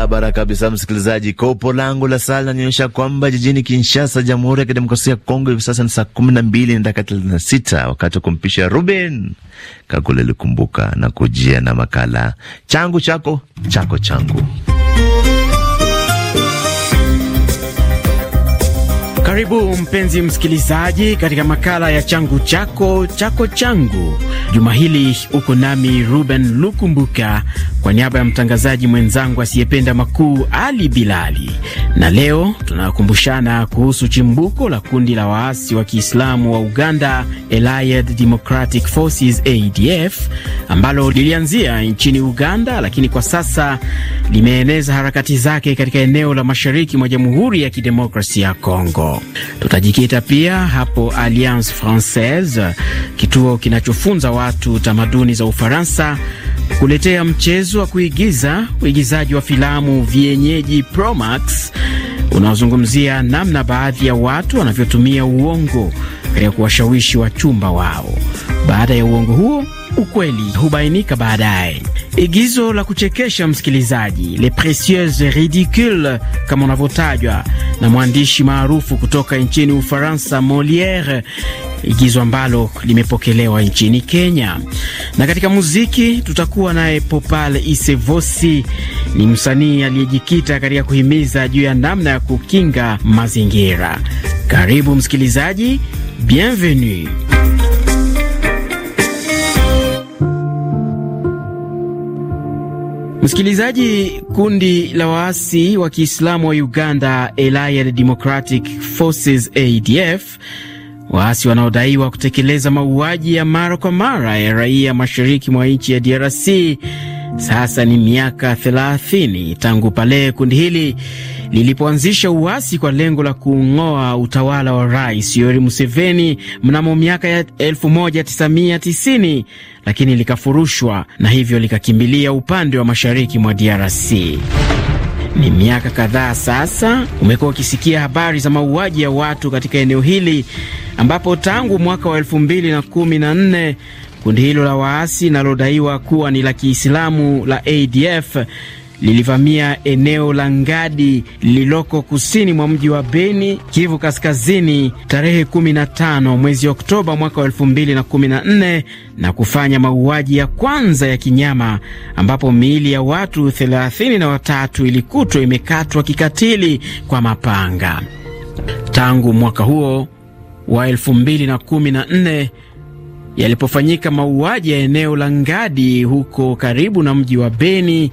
Barabara kabisa, msikilizaji. Kwa upo langu la saa linanionyesha kwamba jijini Kinshasa, Jamhuri ya Kidemokrasia ya Kongo, hivi sasa ni saa kumi na mbili na dakika thelathini na sita wakati wa kumpisha Ruben Kakule Likumbuka na kujia na makala changu chako chako changu. Karibu mpenzi msikilizaji katika makala ya changu chako chako changu. Juma hili uko nami Ruben Lukumbuka kwa niaba ya mtangazaji mwenzangu asiyependa makuu Ali Bilali, na leo tunakumbushana kuhusu chimbuko la kundi la waasi wa Kiislamu wa Uganda Allied Democratic Forces ADF ambalo lilianzia nchini Uganda, lakini kwa sasa limeeneza harakati zake katika eneo la mashariki mwa Jamhuri ya Kidemokrasia ya Kongo. Tutajikita pia hapo Alliance Francaise, kituo kinachofunza watu tamaduni za Ufaransa, kuletea mchezo wa kuigiza uigizaji wa filamu vyenyeji Promax unaozungumzia namna baadhi ya watu wanavyotumia uongo katika kuwashawishi wachumba wao. Baada ya uongo huo ukweli hubainika baadaye. Igizo la kuchekesha msikilizaji, Le Precieuses Ridicules, kama unavyotajwa na mwandishi maarufu kutoka nchini Ufaransa Moliere, igizo ambalo limepokelewa nchini Kenya. Na katika muziki tutakuwa naye Popal Isevosi, ni msanii aliyejikita katika kuhimiza juu ya namna ya kukinga mazingira. Karibu msikilizaji, bienvenue. Msikilizaji, kundi la waasi wa Kiislamu wa Uganda Allied Democratic Forces ADF, waasi wanaodaiwa kutekeleza mauaji ya mara kwa mara ya raia mashariki mwa nchi ya DRC sasa ni miaka 30 tangu pale kundi hili lilipoanzisha uasi kwa lengo la kung'oa utawala wa Rais Yoweri Museveni mnamo miaka ya 1990, lakini likafurushwa na hivyo likakimbilia upande wa mashariki mwa DRC. Ni miaka kadhaa sasa umekuwa ukisikia habari za mauaji ya watu katika eneo hili ambapo tangu mwaka wa 2014 Kundi hilo la waasi linalodaiwa kuwa ni la Kiislamu la ADF lilivamia eneo la Ngadi lililoko kusini mwa mji wa Beni, Kivu Kaskazini, tarehe 15 mwezi Oktoba mwaka 2014 na kufanya mauaji ya kwanza ya kinyama, ambapo miili ya watu 33 ilikutwa imekatwa kikatili kwa mapanga. Tangu mwaka huo wa 2014 yalipofanyika mauaji ya eneo la Ngadi huko karibu na mji wa Beni.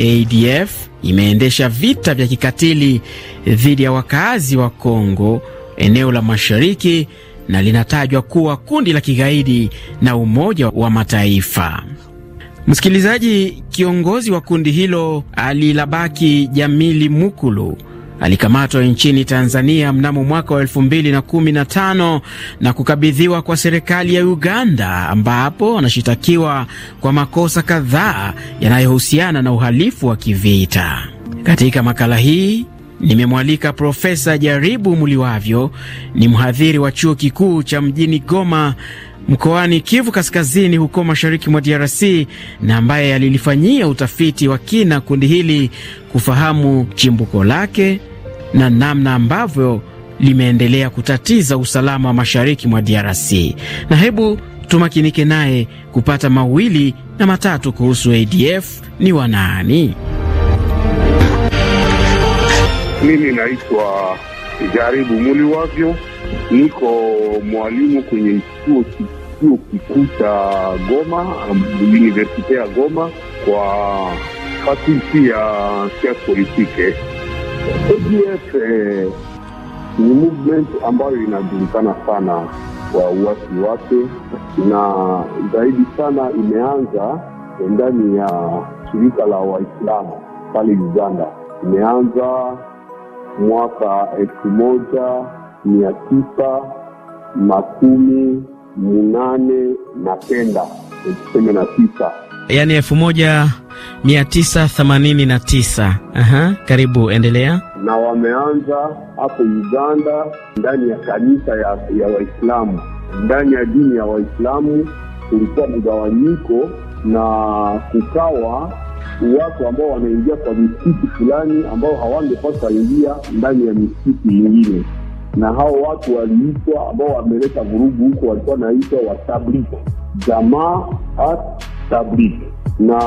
ADF imeendesha vita vya kikatili dhidi ya wakazi wa Kongo eneo la mashariki na linatajwa kuwa kundi la kigaidi na Umoja wa Mataifa. Msikilizaji, kiongozi wa kundi hilo alilabaki Jamili Mukulu alikamatwa nchini Tanzania mnamo mwaka wa elfu mbili na kumi na tano na kukabidhiwa kwa serikali ya Uganda, ambapo anashitakiwa kwa makosa kadhaa yanayohusiana na uhalifu wa kivita. Katika makala hii nimemwalika Profesa Jaribu Muliwavyo, ni mhadhiri wa chuo kikuu cha mjini Goma mkoani Kivu Kaskazini huko mashariki mwa DRC na ambaye alilifanyia utafiti wa kina kundi hili kufahamu chimbuko lake na namna ambavyo limeendelea kutatiza usalama wa mashariki mwa DRC. Na hebu tumakinike naye kupata mawili na matatu kuhusu ADF ni wanani. Mimi naitwa Jaribu muli wavyo niko mwalimu kwenye chuo chuo kikuu cha Goma, um, universite ya Goma, kwa fakulti ya siasa politike. ADF eh, ni movement ambayo inajulikana sana kwa uwasi wake, na zaidi sana imeanza ndani ya shirika la Waislamu pale Uganda. Imeanza mwaka elfu moja mia tisa makumi minane na kenda elfu kumi na tisa yaani elfu moja mia tisa themanini na tisa. Aha, karibu endelea. Na wameanza hapo Uganda ndani ya kanisa ya, ya Waislamu, ndani ya dini ya Waislamu kulikuwa mgawanyiko na kukawa watu ambao wanaingia kwa misikiti fulani ambao hawangepaswa ingia ndani ya misikiti mingine na hao watu waliitwa ambao wameleta vurugu huko walikuwa naitwa watablik jamaa at tablik na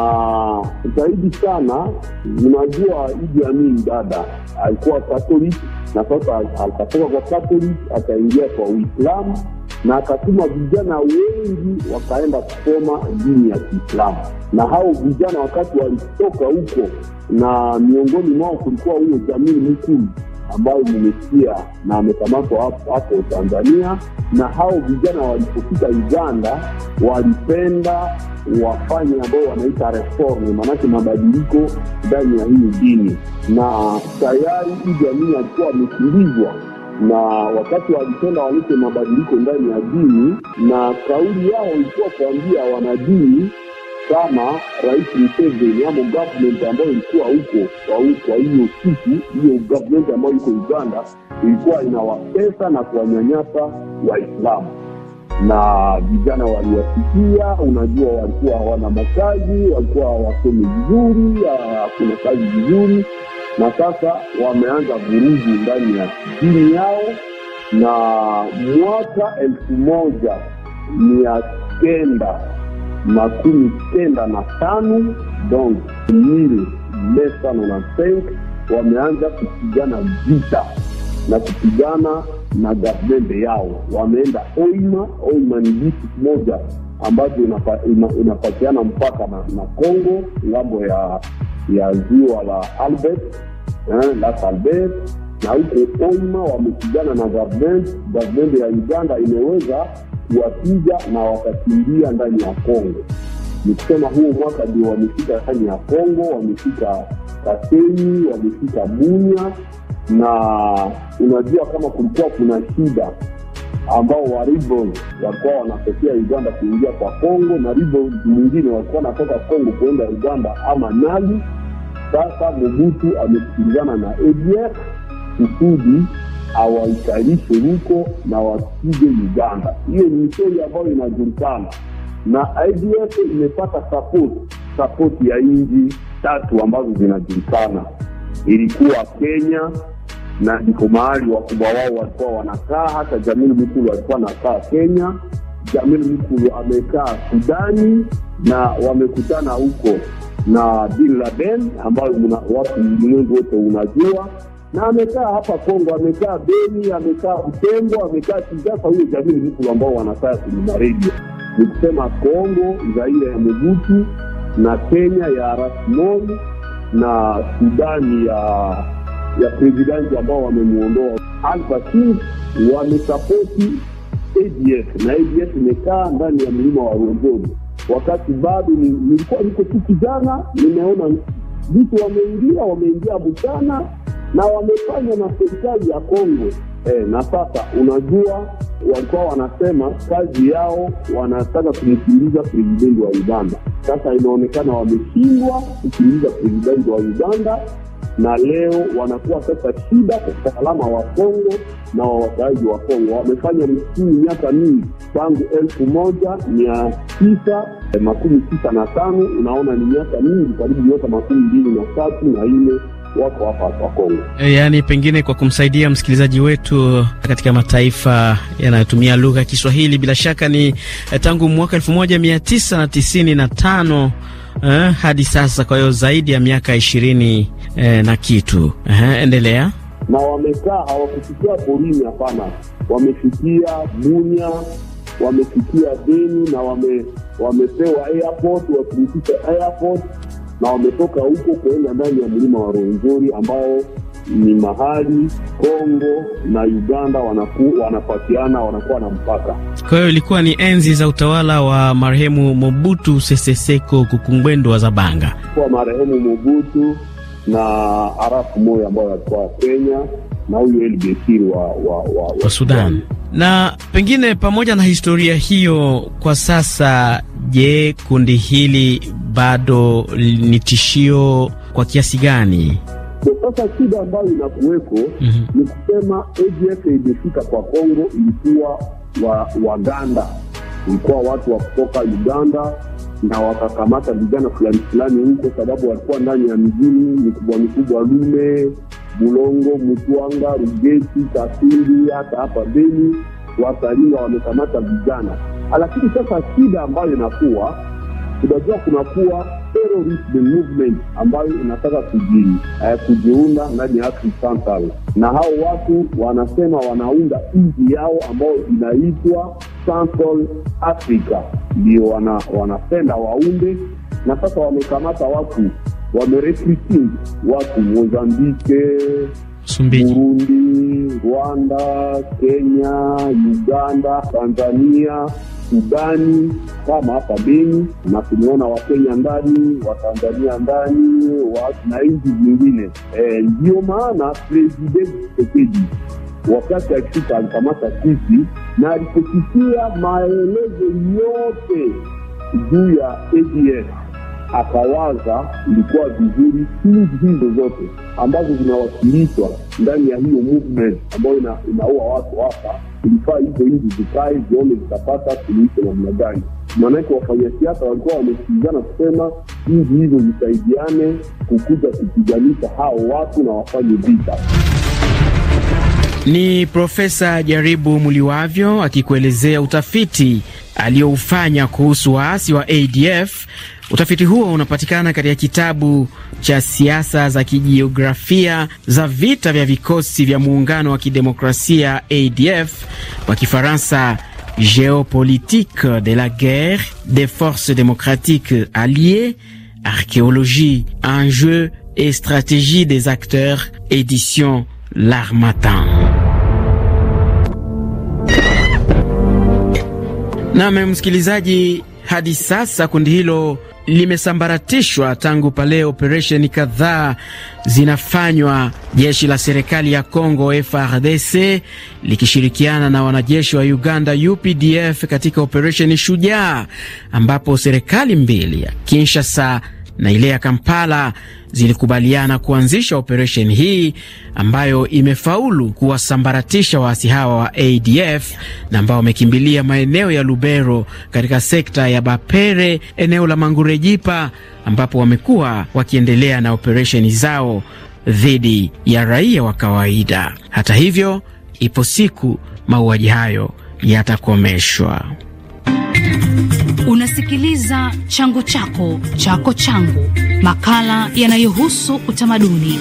zaidi sana unajua Idi Amin dada alikuwa katolik na sasa akatoka kwa katolik akaingia kwa Uislamu na akatuma vijana wengi wakaenda kusoma dini ya Kiislamu, na hao vijana wakati walitoka huko, na miongoni mwao kulikuwa huyo jamii mkulu ambayo nimesikia na amekamatwa hapo Tanzania, na hao vijana walipofika Uganda walipenda wafanye ambao wanaita reform, maanake mabadiliko ndani ya hii dini, na tayari hii jamii alikuwa amekimbizwa na wakati walipenda walete mabadiliko ndani ya dini, na kauli yao ilikuwa kuambia wanadini kama Rais Museveni amo government ambayo ilikuwa huko kwa hiyo siku, hiyo government ambayo iko Uganda ilikuwa inawapesa na kuwanyanyasa Waislamu na vijana waliwasikia. Unajua, walikuwa hawana makazi, walikuwa hawasomi vizuri, hakuna kazi vizuri, na sasa wameanza vurugu ndani ya dini yao. Na mwaka elfu moja mia kenda makumi kenda na tano donc mil mesa na wameanza kupigana vita na kupigana na gavmende yao, wameenda Oima. Oima ni jisi moja ambazo inapatiana mpaka na, na Congo ngambo ya ya ziwa la Albert eh, la Albert na huko Oima wamepigana na gavmende. Gavmende ya Uganda imeweza wakija na watakimbia ndani ya Kongo. Ni kusema huo mwaka ndio wamefika ndani ya Kongo, wamefika Kasenyi, wamefika Bunya, na unajua kama kulikuwa kuna shida ambao wa walikuwa wanatokea Uganda kuingia kwa Kongo na mwingine walikuwa wanatoka Kongo kuenda Uganda ama nali. Sasa Mobutu amesikilizana na ADF kusudi awaikalishe huko na wakije Uganda. Hiyo ni mseli ambayo inajulikana na IDF imepata support support ya nchi tatu ambazo zinajulikana, ilikuwa Kenya na ndiko mahali wakubwa wao walikuwa wanakaa. Hata Jamil Mukulu alikuwa anakaa Kenya, Jamil Mukulu amekaa Sudani na wamekutana huko na Bin Laden ambayo watu ulimwengu wote unajua na amekaa hapa Kongo, amekaa Beni, amekaa utembo amekaa Kinshasa. Huyo jamii ni mtu ambao wanakaa kwenye maredio, ni kusema Kongo Zaire ya Mobutu na Kenya ya Arap na Sudani ya ya presidenti ambao wamemuondoa Alva wamesapoti ADF na ADF imekaa ndani ya mlima wa Rwenzori, wakati bado nilikuwa niko tu kijana, nimeona vitu wameingia, wameingia Butana na wamefanya na serikali ya Kongo. E, na sasa unajua, walikuwa wanasema kazi yao wanataka kumkimbiza presidenti wa Uganda. Sasa inaonekana wameshindwa kukimbiza presidenti wa Uganda, na leo wanakuwa sasa shida kwa usalama wa Kongo na wawakaaji wa Kongo. Wamefanya msii miaka mingi tangu elfu moja mia tisa eh, makumi tisa na tano unaona ni miaka mingi karibu miaka makumi mbili na tatu na nne wako hapa wa Kongo. Eh, yaani, pengine kwa kumsaidia msikilizaji wetu katika mataifa yanayotumia lugha ya Kiswahili, bila shaka ni eh, tangu mwaka 1995 eh, hadi sasa, kwa hiyo zaidi ya miaka ishirini eh, na kitu eh, endelea na wamekaa hawakufikia porini, hapana, wamefikia Bunya, wamefikia Beni na wame, wamepewa airport, wakurudisha airport na wametoka huko kuenda ndani ya mlima wa Rwenzori ambao ni mahali Kongo na Uganda wanaku, wanapatiana wanakuwa na mpaka. Kwa hiyo ilikuwa ni enzi za utawala wa marehemu Mobutu Sese Seko Kukumbwendo wa Zabanga, kwa marehemu Mobutu na Arap Moi ambayo alikuwa Kenya na huyu El wa, wa, wa, wa, wa Sudan. Na pengine pamoja na historia hiyo, kwa sasa, je, kundi hili bado ni tishio kwa kiasi gani? Sasa shida ambayo inakuweko mm -hmm. ni kusema ADF imefika kwa Kongo, ilikuwa wa Waganda, ilikuwa watu wa kutoka Uganda na wakakamata vijana fulani fulani huko, sababu walikuwa ndani ya mjini mikubwa mikubwa lume Bulongo, Mutwanga, Rugeti, Kasindi, hata hapa Beni wasalimu wamekamata vijana. Lakini sasa shida ambayo inakuwa tunajua, kunakuwa terrorist movement ambayo inataka eh, kujiunda ndani ya Afrika Central, na hao watu wanasema wanaunda nchi yao ambayo inaitwa Central Africa, ndio wanapenda waunde, na sasa wamekamata watu wamerekruti watu Mozambike, Burundi, Rwanda, Kenya, Uganda, Tanzania, Sudani kama hapa Beni, na tumeona Wakenya ndani, Watanzania ndani na nchi zingine. Ndiyo e, maana President Tshisekedi wakati akifika alikamata sisi na aliposikia maelezo yote juu ya ADF akawaza ilikuwa vizuri nchi hizo zote ambazo zinawakilishwa ndani ya hiyo movement ambayo inaua watu hapa, ilifaa hizo hizi zikae zione zitapata suluhisho namna gani. Maanake wafanyasiasa walikuwa wamesikilizana kusema nchi hizo zisaidiane kukuja kupiganisha hao watu na wafanye vita. Ni Profesa Jaribu Muliwavyo akikuelezea utafiti aliyoufanya kuhusu waasi wa ADF Utafiti huo unapatikana katika kitabu cha siasa za kijiografia za vita vya vikosi vya muungano wa kidemokrasia ADF kwa Kifaransa Géopolitique de la guerre des forces démocratiques alliées, archéologie, enjeux et stratégie des acteurs, édition L'Armatan. Nam msikilizaji, hadi sasa kundi hilo limesambaratishwa tangu pale operesheni kadhaa zinafanywa jeshi la serikali ya congo frdc likishirikiana na wanajeshi wa Uganda UPDF katika operesheni Shujaa ambapo serikali mbili ya Kinshasa na ile ya Kampala zilikubaliana kuanzisha operesheni hii ambayo imefaulu kuwasambaratisha waasi hawa wa ADF na ambao wamekimbilia maeneo ya Lubero katika sekta ya Bapere, eneo la Mangurejipa, ambapo wamekuwa wakiendelea na operesheni zao dhidi ya raia wa kawaida. Hata hivyo, ipo siku mauaji hayo yatakomeshwa. Unasikiliza changu chako chako changu, makala yanayohusu utamaduni.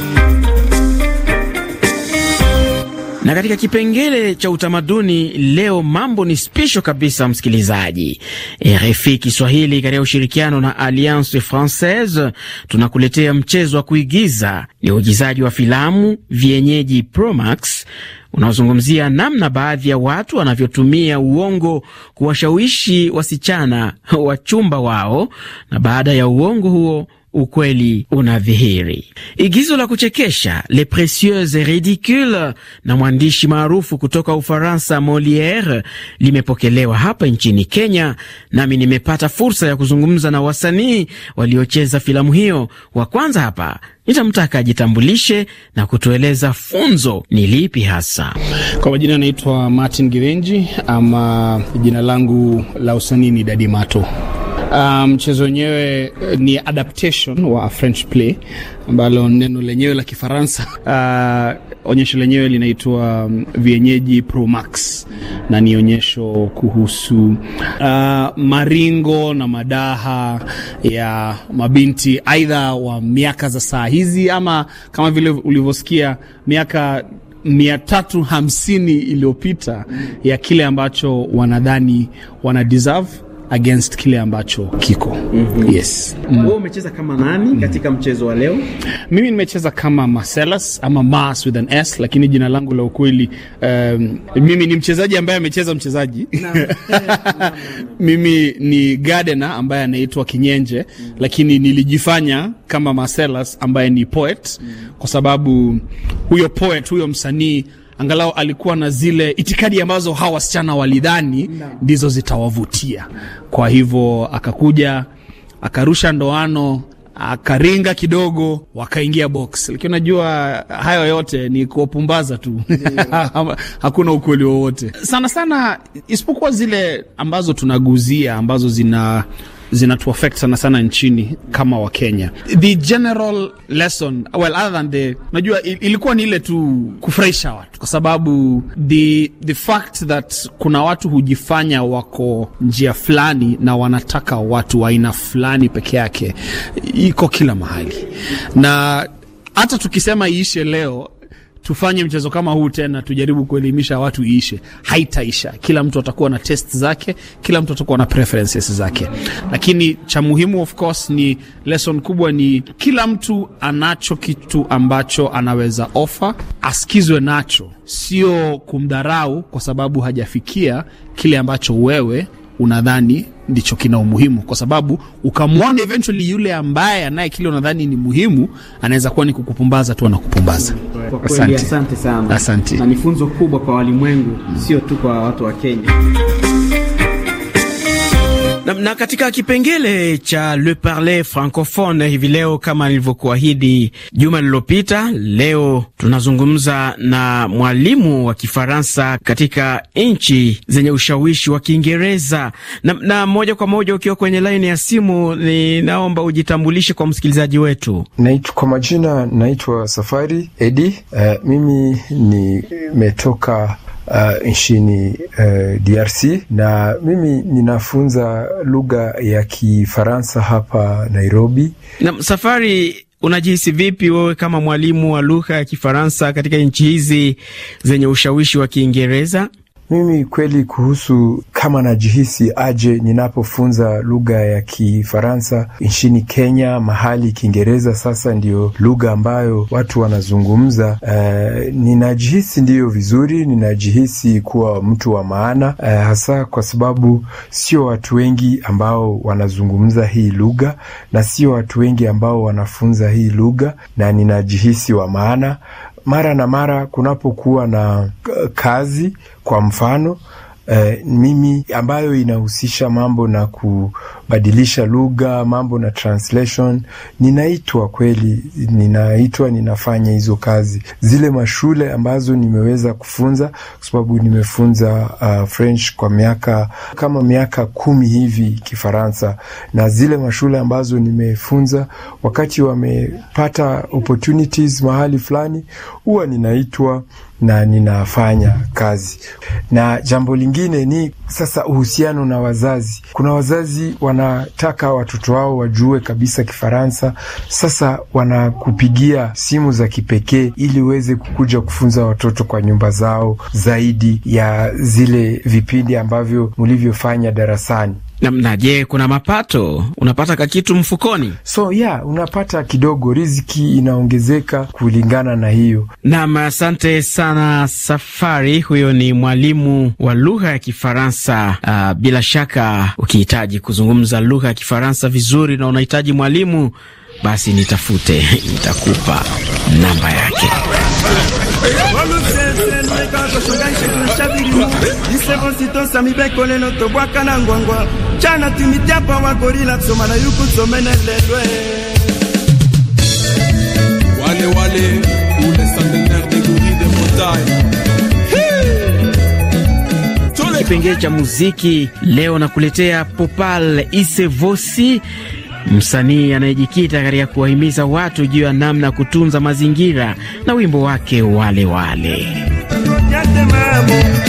Na katika kipengele cha utamaduni leo mambo ni spisho kabisa, msikilizaji. RFI Kiswahili katika ushirikiano na Alliance Francaise tunakuletea mchezo wa kuigiza. Ni uigizaji wa filamu vyenyeji Promax unaozungumzia namna baadhi ya watu wanavyotumia uongo kuwashawishi wasichana wachumba wao, na baada ya uongo huo ukweli unadhihiri. Igizo la kuchekesha Les Precieuse et Ridicules na mwandishi maarufu kutoka Ufaransa Moliere limepokelewa hapa nchini Kenya, nami nimepata fursa ya kuzungumza na wasanii waliocheza filamu hiyo. Wa kwanza hapa nitamtaka ajitambulishe na kutueleza funzo ni lipi hasa. Kwa majina anaitwa Martin girenji ama jina langu la usanii ni Dadi Mato. Ah, mchezo um, wenyewe eh, ni adaptation wa French play ambalo neno lenyewe la Kifaransa uh, onyesho lenyewe linaitwa mm, Vienyeji Pro Max na ni onyesho kuhusu uh, maringo na madaha ya mabinti aidha wa miaka za saa hizi ama kama vile ulivyosikia miaka mia tatu hamsini iliyopita ya kile ambacho wanadhani wana deserve against kile ambacho kiko mm -hmm. Yes. Mm. Wewe umecheza kama nani mhm. katika mm mchezo wa leo? Mimi nimecheza kama Marcellus ama Mars with an S, lakini jina langu la ukweli um, mimi ni mchezaji ambaye amecheza mchezaji mimi ni gardener ambaye anaitwa Kinyenje mm. Lakini nilijifanya kama Marcellus ambaye ni poet mm. Kwa sababu huyo poet huyo msanii angalau alikuwa na zile itikadi ambazo hawa wasichana walidhani ndizo zitawavutia. Kwa hivyo akakuja akarusha ndoano akaringa kidogo, wakaingia box, lakini unajua hayo yote ni kuwapumbaza tu hakuna ukweli wowote sana sana, isipokuwa zile ambazo tunaguzia ambazo zina zinatu affect sana sana nchini kama wa Kenya. The general lesson well other than the najua ilikuwa ni ile tu kufurahisha watu, kwa sababu the the fact that kuna watu hujifanya wako njia fulani na wanataka watu wa aina fulani peke yake iko kila mahali na hata tukisema iishe leo tufanye mchezo kama huu tena, tujaribu kuelimisha watu iishe. Haitaisha, kila mtu atakuwa na test zake, kila mtu atakuwa na preferences zake, lakini cha muhimu of course ni lesson kubwa, ni kila mtu anacho kitu ambacho anaweza offer, asikizwe nacho, sio kumdharau kwa sababu hajafikia kile ambacho wewe unadhani ndicho kina umuhimu, kwa sababu ukamwona eventually yule ambaye anaye kile unadhani ni muhimu, anaweza kuwa ni kukupumbaza tu, anakupumbaza. Asante, asante sana, asante. Na ni funzo kubwa kwa walimwengu, sio tu kwa watu wa Kenya. Na, na katika kipengele cha Le Parler Francophone hivi leo, kama nilivyokuahidi juma lililopita, leo tunazungumza na mwalimu wa Kifaransa katika nchi zenye ushawishi wa Kiingereza na, na moja kwa moja ukiwa kwenye laini ya simu, ninaomba ujitambulishe kwa msikilizaji wetu. Naitwa kwa majina naitwa Safari Edi. Uh, mimi nimetoka uh, nchini uh, DRC na mimi ninafunza lugha ya Kifaransa hapa Nairobi. Na safari unajihisi vipi wewe kama mwalimu wa lugha ya Kifaransa katika nchi hizi zenye ushawishi wa Kiingereza? Mimi kweli kuhusu kama najihisi aje ninapofunza lugha ya Kifaransa nchini Kenya, mahali Kiingereza sasa ndiyo lugha ambayo watu wanazungumza. Uh, ninajihisi ndiyo vizuri, ninajihisi kuwa mtu wa maana uh, hasa kwa sababu sio watu wengi ambao wanazungumza hii lugha na sio watu wengi ambao wanafunza hii lugha, na ninajihisi wa maana mara na mara kunapokuwa na kazi, kwa mfano eh, mimi ambayo inahusisha mambo na kubadilisha lugha, mambo na translation. Ninaitwa kweli, ninaitwa ninafanya hizo kazi. Zile mashule ambazo nimeweza kufunza, kwa sababu nimefunza uh, French kwa miaka kama miaka kumi hivi, Kifaransa, na zile mashule ambazo nimefunza, wakati wamepata opportunities mahali fulani, huwa ninaitwa na ninafanya kazi. Na jambo lingine ni sasa uhusiano na wazazi. Kuna wazazi wanataka watoto wao wajue kabisa Kifaransa, sasa wanakupigia simu za kipekee ili uweze kukuja kufunza watoto kwa nyumba zao zaidi ya zile vipindi ambavyo mlivyofanya darasani. Namna je, kuna mapato unapata ka kitu mfukoni? So yeah, unapata kidogo, riziki inaongezeka kulingana na hiyo. Nam, asante sana Safari. Huyo ni mwalimu wa lugha ya Kifaransa. Uh, bila shaka ukihitaji kuzungumza lugha ya Kifaransa vizuri na unahitaji mwalimu, basi nitafute, nitakupa namba yake kipengee isevo tobwaka na ngwangwa tumitiapa na yuku lelwe wale wale ule de de montagne cha muziki leo nakuletea Popal Isevosi, msanii anayejikita katika kuwahimiza watu juu ya namna ya kutunza mazingira na wimbo wake wale wale. de mambo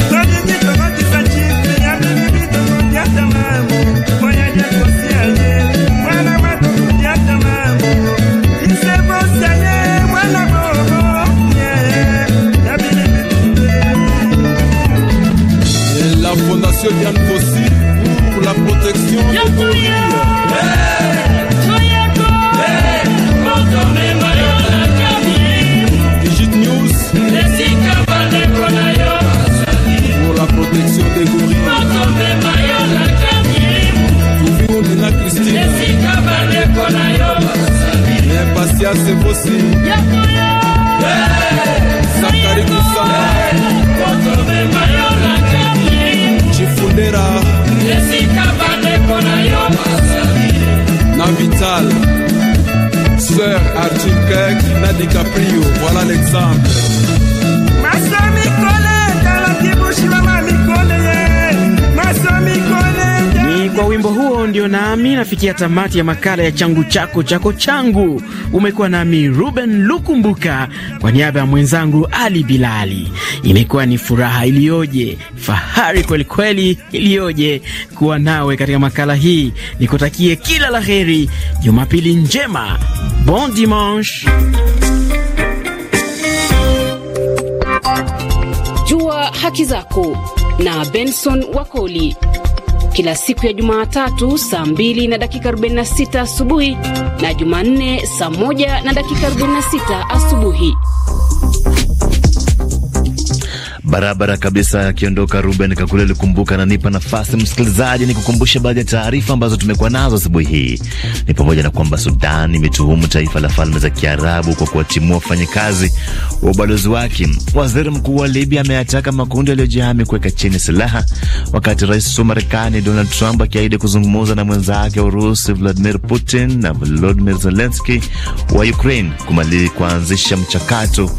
mosi eh, zakari kusanga cifundera na vital sœur arthur kek na dicaprio voilà l'exemple maso mikole etalaki bushimama mikole ye maso kwa wimbo huo ndio nami nafikia tamati ya makala ya changu chako chako changu. Umekuwa nami Ruben Lukumbuka kwa niaba ya mwenzangu Ali Bilali. Imekuwa ni furaha iliyoje, fahari kwelikweli iliyoje kuwa nawe katika makala hii. Nikutakie kila la heri, Jumapili njema, bon dimanche. Jua haki zako na Benson Wakoli kila siku ya Jumatatu saa 2 na dakika 46 asubuhi na Jumanne saa 1 na dakika 46 asubuhi barabara kabisa, akiondoka Ruben Kakule alikumbuka nipa nafasi msikilizaji ni kukumbusha baadhi ya taarifa ambazo tumekuwa nazo asubuhi hii. Ni pamoja na kwamba Sudan imetuhumu taifa la Falme za Kiarabu kwa kuwatimua wafanyakazi wa ubalozi wake. Waziri mkuu wa Libya ameyataka makundi yaliyojihami kuweka chini silaha, wakati rais wa Marekani Donald Trump akiahidi kuzungumza na mwenzake wa Urusi Vladimir Putin na Volodimir Zelenski wa Ukraine kuanzisha mchakato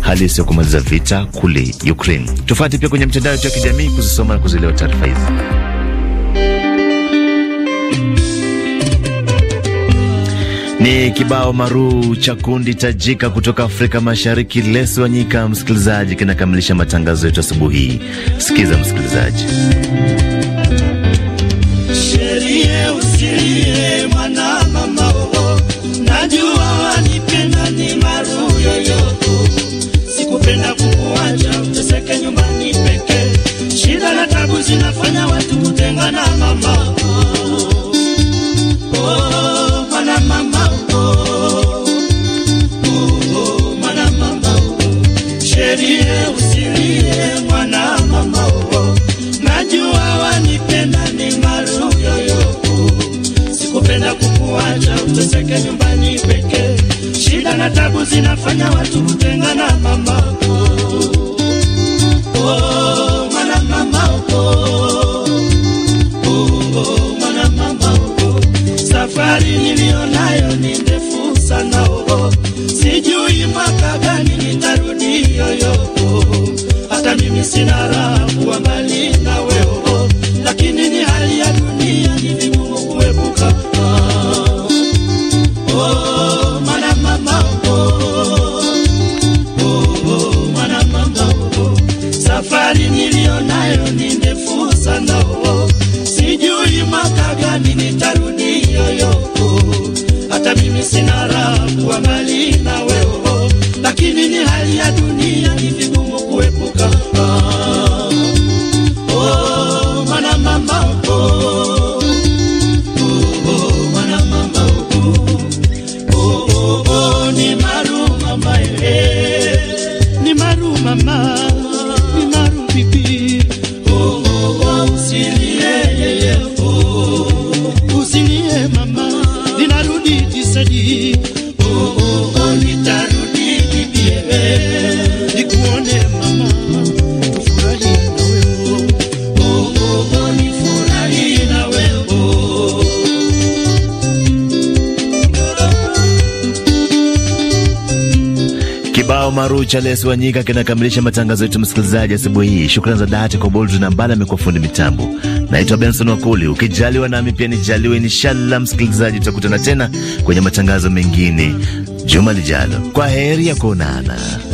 hali isiyokumaliza kumaliza vita kule Ukraine. Ukraine. Tufuate pia kwenye mitandao yetu ya kijamii kuzisoma na kuzielewa taarifa hizi. Ni kibao maruu cha kundi tajika kutoka Afrika Mashariki, Lesi Wanyika. Msikilizaji, kinakamilisha matangazo yetu asubuhi. Sikiza msikilizaji. tuteseke nyumbani peke shida na tabu zinafanya watu kutengana. Mamako oh, mana mamako oh, oh, mana mamako, safari nilionayo ni ndefu sana oh, sijui mwaka gani nitarudi yoyo, hata mimi sina raha kuwa mbali nawe. cha Lesu Wanyika kinakamilisha matangazo yetu, msikilizaji, asubuhi hii. Shukrani za dhati kwa Boldrin mbala amekuwa fundi mitambo. Naitwa Benson wakuli ukijaliwa nami pia nijaliwe, inshallah msikilizaji, tutakutana tena kwenye matangazo mengine juma lijalo. Kwa heri ya kuonana.